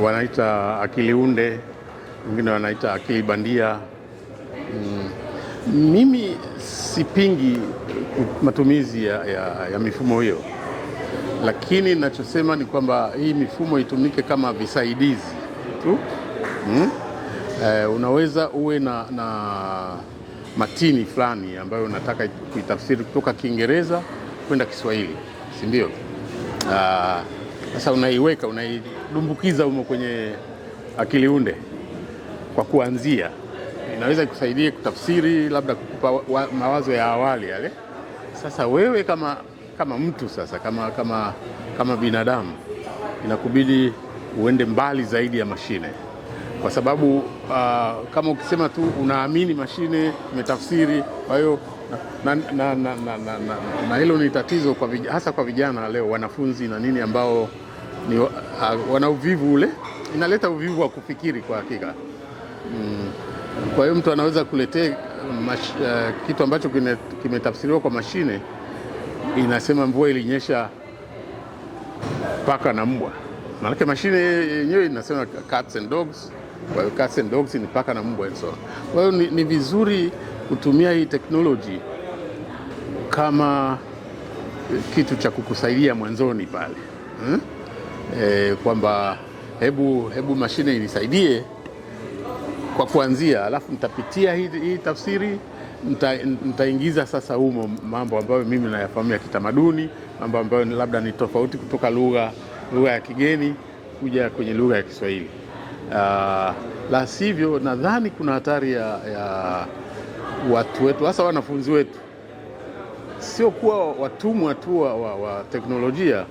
wanaita akili unde, wengine wanaita akili bandia. Mm, mimi sipingi matumizi ya, ya, ya mifumo hiyo, lakini ninachosema ni kwamba hii mifumo itumike kama visaidizi tu. Mm? Eh, unaweza uwe na, na matini fulani ambayo unataka kuitafsiri kutoka Kiingereza kwenda Kiswahili, si ndio? Ah, sasa unaiweka unaidumbukiza humo kwenye akili unde, kwa kuanzia inaweza ikusaidie kutafsiri, labda kukupa mawazo ya awali yale. Sasa wewe kama, kama mtu sasa kama, kama, kama binadamu inakubidi uende mbali zaidi ya mashine kwa sababu uh, kama ukisema tu unaamini mashine imetafsiri, kwa hiyo na, na, na, na, na, na, na hilo ni tatizo kwa vijana, hasa kwa vijana leo wanafunzi na nini ambao ni, uh, wana uvivu ule, inaleta uvivu wa kufikiri kwa hakika mm. Kwa hiyo mtu anaweza kuletea uh, uh kitu ambacho kimetafsiriwa kwa mashine inasema mvua ilinyesha paka na mbwa, maanake mashine yenyewe inasema cats and dogs. Kwa hiyo cats and dogs ni paka na mbwa and so on. Kwa hiyo ni, ni vizuri kutumia hii teknoloji kama kitu cha kukusaidia mwanzoni pale hmm? E, kwamba hebu, hebu mashine inisaidie kwa kuanzia, alafu nitapitia hii, hii tafsiri nitaingiza sasa humo mambo ambayo mimi ya kitamaduni, mambo ambayo labda ni tofauti kutoka lugha lugha ya kigeni kuja kwenye lugha ya Kiswahili. Uh, la sivyo nadhani kuna hatari ya, ya, watu wetu, hasa wanafunzi wetu, sio kuwa watumwa tu wa, wa teknolojia,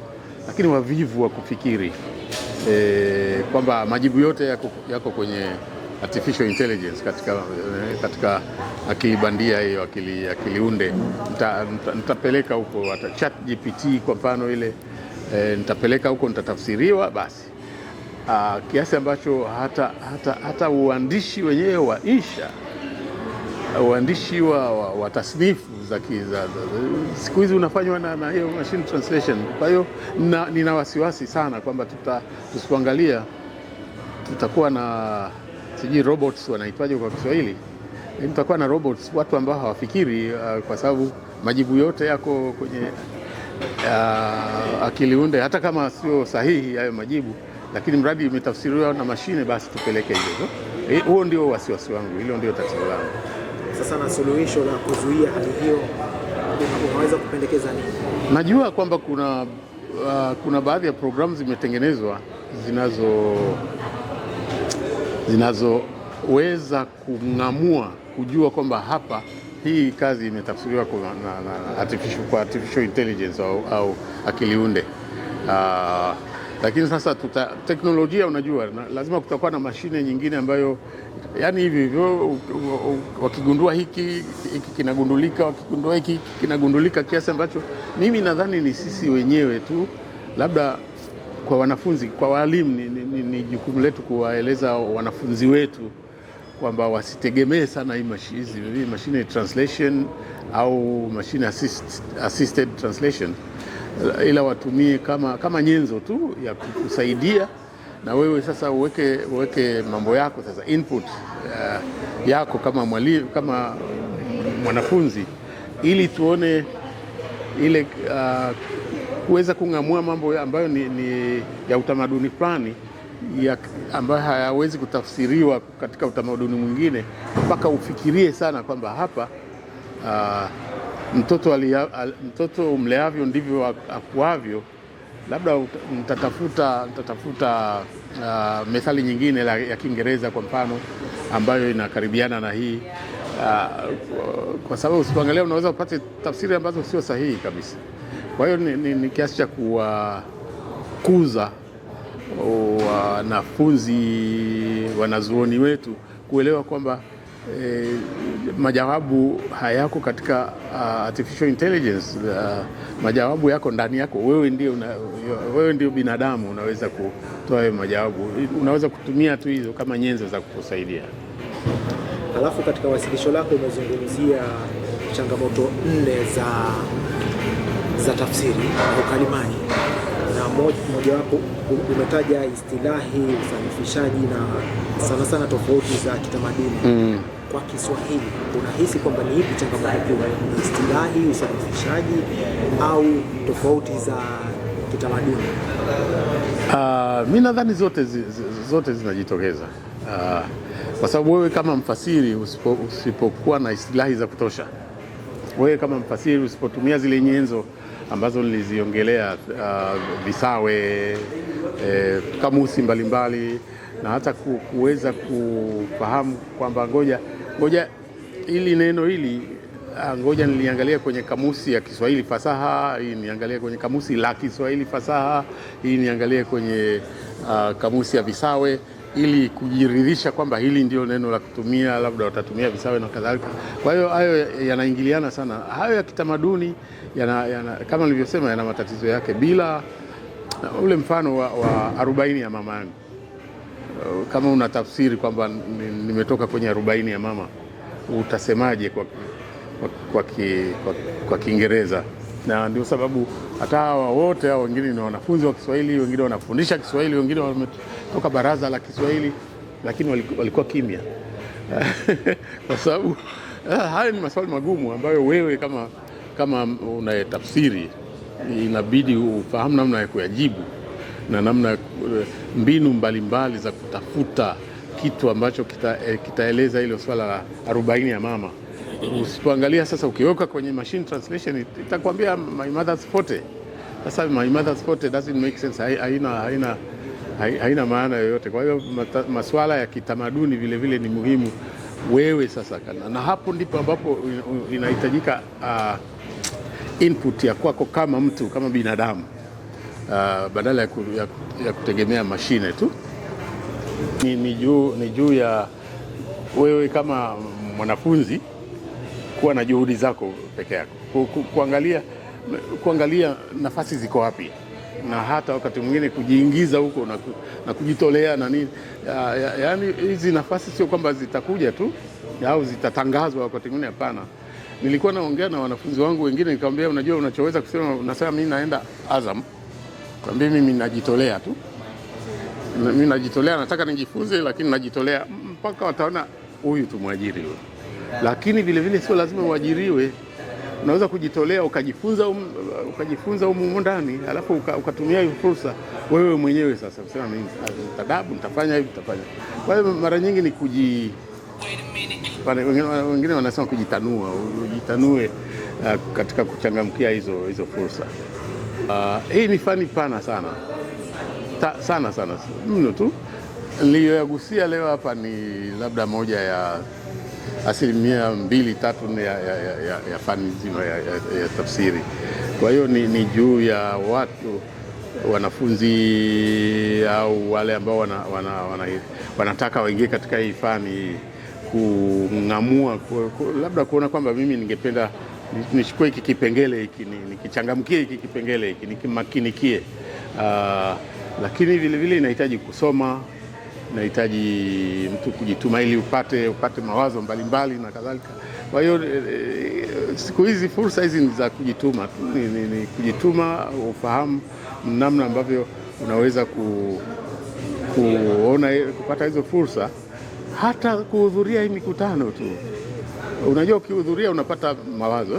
lakini wavivu wa kufikiri e, kwamba majibu yote yako, yako kwenye artificial intelligence katika, e, katika akili bandia hiyo akili, akili unde nita, nita, nitapeleka huko chat GPT kwa mfano ile e, nitapeleka huko nitatafsiriwa basi a, kiasi ambacho hata, hata, hata uandishi wenyewe wa insha uandishi wa, wa, wa tasnifu za Kiingereza siku hizi unafanywa na hiyo machine translation. Kwa hiyo nina wasiwasi sana kwamba tuta tusipoangalia tutakuwa na sijui robots wanaitwaje kwa Kiswahili, yaani tutakuwa na robots, watu ambao hawafikiri uh, kwa sababu majibu yote yako kwenye uh, akili unde, hata kama sio sahihi hayo majibu, lakini mradi imetafsiriwa na mashine, basi tupeleke hivyo. Eh, huo ndio wasiwasi wangu, hilo ndio tatizo langu sasa na suluhisho la kuzuia hali hiyo unaweza kupendekeza nini? Najua kwamba kuna uh, kuna baadhi ya programu zimetengenezwa zinazo zinazoweza kung'amua kujua kwamba hapa hii kazi imetafsiriwa kwa, na, na, artificial, kwa artificial intelligence au, au akiliunde uh, lakini sasa tuta, teknolojia unajua na, lazima kutakuwa na mashine nyingine ambayo yani hivi hivyo wakigundua hiki hiki kinagundulika, wakigundua hiki kinagundulika, kiasi ambacho mimi nadhani ni sisi wenyewe tu labda kwa wanafunzi kwa walimu ni, ni, ni jukumu letu kuwaeleza wanafunzi wetu kwamba wasitegemee sana hii mashine translation au mashine assist, assisted translation ila watumie kama, kama nyenzo tu ya kukusaidia na wewe sasa uweke, uweke mambo yako sasa input uh, yako kama mwalimu, kama mwanafunzi ili tuone ile uh, kuweza kung'amua mambo ambayo ni, ni ya utamaduni fulani ambayo hayawezi kutafsiriwa katika utamaduni mwingine, mpaka ufikirie sana kwamba hapa uh, mtoto, alia, al, mtoto mleavyo ndivyo akuavyo. Labda mtatafuta mtatafuta uh, methali nyingine la, ya Kiingereza kwa mfano ambayo inakaribiana na hii uh, kwa sababu usipoangalia unaweza upate tafsiri ambazo sio sahihi kabisa. Kwa hiyo ni, ni, ni kiasi cha kuwakuza uh, wanafunzi wanazuoni wetu kuelewa kwamba eh, majawabu hayako katika uh, artificial intelligence uh, majawabu yako ndani yako wewe ndio, una, wewe ndio binadamu unaweza kutoa hayo majawabu, unaweza kutumia tu hizo kama nyenzo za kukusaidia. Alafu katika wasilisho lako umezungumzia changamoto nne za za tafsiri na ukalimani na mojawapo umetaja istilahi, usanifishaji na sana sana tofauti za kitamaduni mm kwa Kiswahili, unahisi kwamba ni ipi changamoto kuu, istilahi, usafishaji au tofauti za kitamaduni? Uh, mi nadhani zote, zote zinajitokeza uh, kwa sababu wewe kama mfasiri usipo, usipokuwa na istilahi za kutosha, wewe kama mfasiri usipotumia zile nyenzo ambazo niliziongelea uh, visawe eh, kamusi mbalimbali mbali, na hata kuweza kufahamu kwamba ngoja Ngoja hili neno hili ah, ngoja niliangalia kwenye kamusi ya Kiswahili fasaha, hii niangalia kwenye kamusi la Kiswahili fasaha, hii niangalia kwenye uh, kamusi ya visawe ili kujiridhisha kwamba hili ndio neno la kutumia, labda watatumia visawe na kadhalika. Kwa hiyo hayo yanaingiliana sana, hayo ya kitamaduni yana, yana, kama nilivyosema, yana matatizo yake, bila ule mfano wa arobaini ya mama yangu Eh, kama una tafsiri kwamba nimetoka kwenye arobaini ya mama utasemaje kwa, kwa, kwa, kwa, kwa Kiingereza? Na ndio sababu hata hawa wote hao wengine ni wanafunzi wa Kiswahili, wengine wanafundisha Kiswahili, wengine wametoka baraza la Kiswahili, lakini walikuwa kimya kwa sababu eh, haya ni maswali magumu ambayo wewe kama, kama unayetafsiri inabidi ufahamu namna ya kuyajibu na namna eh, mbinu mbalimbali mbali za kutafuta kitu ambacho eh, kitaeleza kita hilo swala la arobaini ya mama. Usipoangalia sasa, ukiweka kwenye machine translation itakwambia my mother's forte. Sasa my mother's forte doesn't make sense, haina haina haina maana yoyote. Kwa hiyo masuala ya kitamaduni vile vile ni muhimu wewe sasa kana. Na hapo ndipo ambapo inahitajika uh, input ya kwako kama mtu kama binadamu uh, badala ya, ku, ya, ya kutegemea mashine tu. Ni, ni juu ni juu ya wewe kama mwanafunzi kuwa na juhudi zako peke yako ku, ku, kuangalia, kuangalia nafasi ziko wapi na hata wakati mwingine kujiingiza huko na, na kujitolea na nini ya, ya, yani hizi nafasi sio kwamba zitakuja tu au zitatangazwa wakati mwingine, hapana. Nilikuwa naongea na wanafunzi wangu wengine nikamwambia, unajua unachoweza kusema, unasema mimi naenda Azam Kwambie mimi najitolea tu, mimi najitolea, nataka nijifunze, lakini najitolea mpaka wataona huyu tumwajiri huyu. Lakini vilevile sio lazima uajiriwe, unaweza kujitolea ukajifunza, um, ukajifunza humu ndani, alafu ukatumia hiyo fursa wewe mwenyewe sasa kusema mimi tadabu nitafanya hivi, nitafanya. Kwa hiyo mara nyingi ni kuji wengine wanasema kujitanua, ujitanue uh, katika kuchangamkia hizo hizo fursa. Uh, hii ni fani pana sana Ta, sana sana mno tu. Niliyoyagusia leo hapa ni labda moja ya asilimia mbili tatu ya, ya, ya, ya, ya fani nzima ya, ya, ya tafsiri. Kwa hiyo ni, ni juu ya watu wanafunzi au wale ambao wana, wana, wana, wanataka waingie katika hii fani kung'amua ku, ku, labda kuona kwamba mimi ningependa nichukue hiki kipengele hiki nikichangamkie hiki kipengele hiki nikimakinikie. Uh, lakini vilevile inahitaji kusoma, inahitaji mtu kujituma ili upate upate mawazo mbalimbali mbali na kadhalika. Kwa hiyo e, siku hizi fursa hizi ni za kujituma tu, ni, ni, ni kujituma, ufahamu namna ambavyo unaweza ku, kuona kupata hizo fursa, hata kuhudhuria hii mikutano tu. Unajua, ukihudhuria unapata mawazo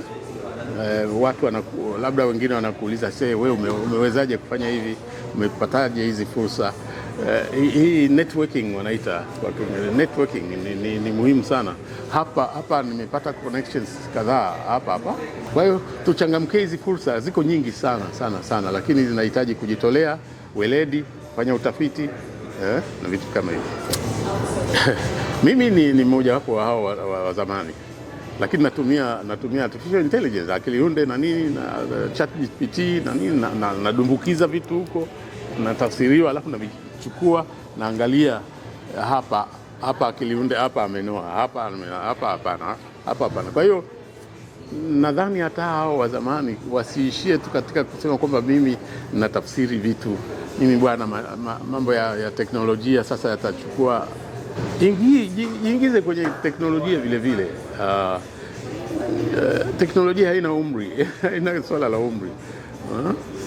eh, watu wanaku, labda wengine wanakuuliza se, wewe ume, umewezaje kufanya hivi, umepataje hizi fursa eh, hii networking wanaita networking ni, ni, ni muhimu sana hapa hapa. Nimepata connections kadhaa hapa hapa, kwa hiyo tuchangamkie hizi fursa, ziko nyingi sana sana sana, lakini zinahitaji kujitolea, weledi, fanya utafiti eh, na vitu kama hivyo. Mimi ni mmoja wapo wa hao wa, wa, wa zamani lakini natumia natumia artificial intelligence akili unde na nini na chat GPT na nini nadumbukiza na, na vitu huko natafsiriwa, alafu navichukua naangalia hapa hapa akili unde hapa amenoa hapa hapa hapana hapa hapana. Kwa hiyo nadhani hata hao wa zamani wasiishie tu katika kusema kwamba mimi natafsiri vitu mimi bwana, mambo ya, ya teknolojia sasa yatachukua jiingize kwenye teknolojia vile vile. Uh, uh, teknolojia haina umri haina swala la umri uh.